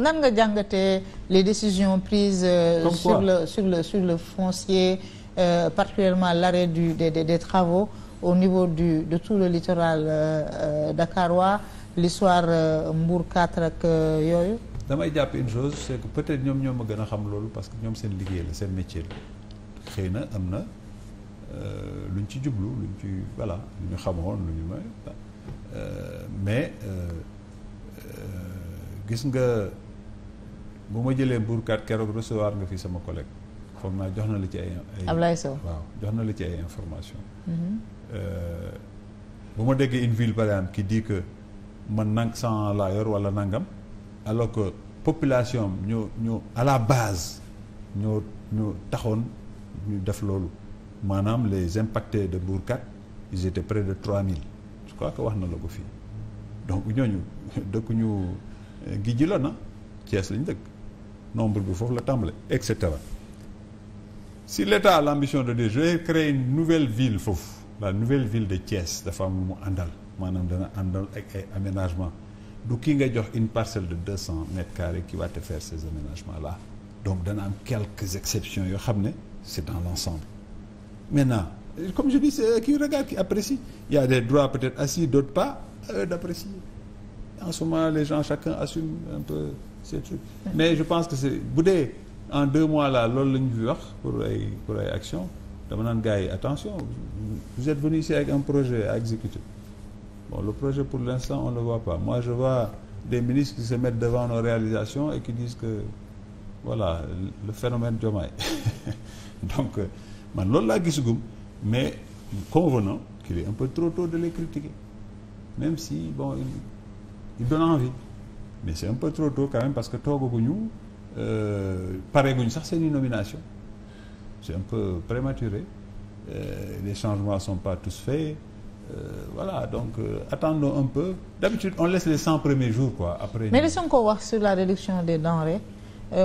nan nga jàngatee les décisions prises. Euh, sur le sur le foncier euh, particulièrement l'arrêt du de des des travaux au niveau du de tout le littoral euh, euh dakarois l'histoire euh, Mbour 4 ak euh, yooyu. damay jàpp une chose c'est que peut-être ñoom ñoo ma gën a xam loolu parce que ñoom seen liggéey la seen métier la xëy na am na luñ ci jublu voilà lu ñu xamoon lu ñu may gis nga. bu ma jëlee mbuurkat keroog recevoir nga fi sama collègue foog naa jox na la ci ay. Ablaye Sow waaw jox na la ci ay information mhm. euh, bu ma déggee une ville par exemple qui dit que man nang sang laa yor wala nangam alors que population am ñu ñoo à la base ñoo taxoon ñu def loolu maanaam les impactés de Mbourkat ils étaient près de 3000 je crois que wax na la ko fii donc ñooñu dëkkuñu gi ji la na Thiès lañ dëkk. nombre bi foofu la tàmbale et cetera si l'État a l'ambition de dire je vais créer une nouvelle ville foofu la nouvelle ville de Thiès dafa am lu mu àndal maanaam dana àndal ak ay aménagement du ki nga jox une parcelle de deux cent mètres carrés qui va te faire ces aménagements là donc dana am quelques exceptions yoo xam ne c'est dans l'ensemble maintenant comme je dis c'est qui regarde qui apprécie il y a des peut-être assis d'autres pas à eux en ce les gens chacun assume un peu ses trucs mais je pense que c'est bu dee en deux mois là loolu la ñu wax pour ay pour ay action dama naan gars yi attention vous êtes venu ici avec un projet à exécuter le projet pour l'instant on le voit pas moi je vois des ministres qui se mettent devant nos réalisations et qui disent que voilà le phénomène Diomaye donc man loolu laa gisugum mais convenons qu'il est un peu trop tôt de les critiquer même il donne envie mais c'est un peu trop tôt parce que toogaguñu euh, pareeguñu sax seeni nomination c'est un peu prématuré euh, les changements sont pas tous faits euh, voilà donc attendons un peu d'habitude on laisse les cent premiers jours quoi après. mais li Sonko wax sur la réduction des denrées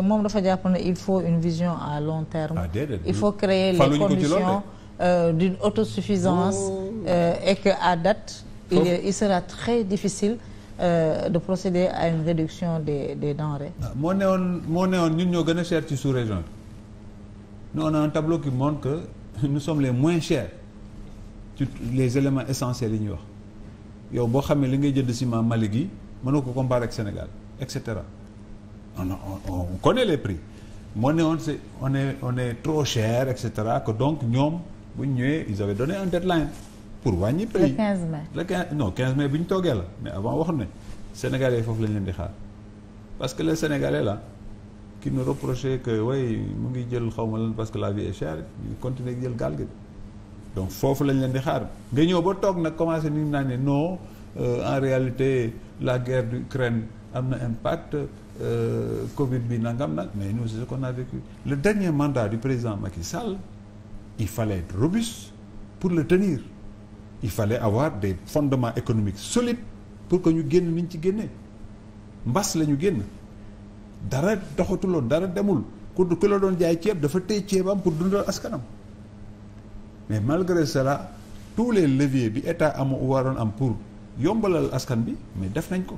moom dafa jàpp ne il faut une vision à long terme. Ah, il faut créer les conditions d'une autosuffisance. Oh. et que à date. il sera très difficile. euh, de procéder à une réduction des des denrées. Ah, moo ne woon moo ne woon ñun ñoo gën a cher ci sous-région bi nous on a un tableau qui montre que nous sommes les moins chers ci les éléments essentiels yi ñuy wax yow boo xamee li ngay jënd ciment Mali gi mënoo ko comparer ak Sénégal et cetera on on on les prix moo ne woon c'est on est on est trop cher et cetera que donc ñoom bu ñu ñëwee ils avaient donné un deadline. pour wàññi prix le 15 mai le 15 non bi ñu toogee la mais avant wax ne sénégalais foofu lañ leen di xaar parce que les sénégalais la qui nous reprochaient que way mu ngi jël xaw ma lan parce que la vie est chère ñu continuer jël gaal gi donc foofu lañ leen di xaar nga ñëw ba toog nag commencé ni naa ne noo euh, en réalité la guerre d'Ukraine am na impact Euh, Covid bi nangam nag mais nous c'est ce qu'on a vécu dernier mandat du président Macky Sall il le tenir il fallait avoir de fondement économiques solides pour que ñu génn niñ ci génnee mbas lañu génn dara doxatuloon dara demul ku ku la doon jaay ceeb dafa tey ceebam pour dundal askanam mais malgré cela tous les leviers bi état amu waroon am pour yombalal askan bi mais def nañ ko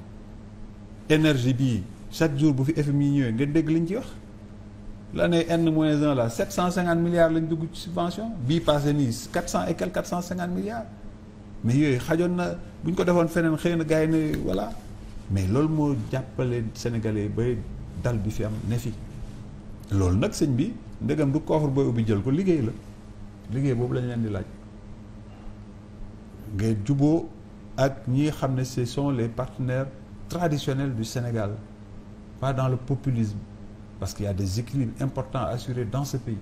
énergie bii chaque jour bu fi FMI ñëwee nga dégg liñ ci wax l'année N moins 1 là 750 milliards lañ dugg ci subvention bii passé nii 400 et quelques 450 milliards mais yooyu xajoon na bu ñu ko defoon feneen xëy na gars ne voilà mais loolu moo jàppale sénégalais ba dal bi fi am ne fi loolu nag sëñ bi ndegam du coffre booy ubbi jël ko liggéey la liggéey boobu lañ leen di laaj nga juboo ak ñi xam ne ce sont les partenaires traditionnels du Sénégal pas dans le populisme parce que y a des équilibres importants à dans ce pays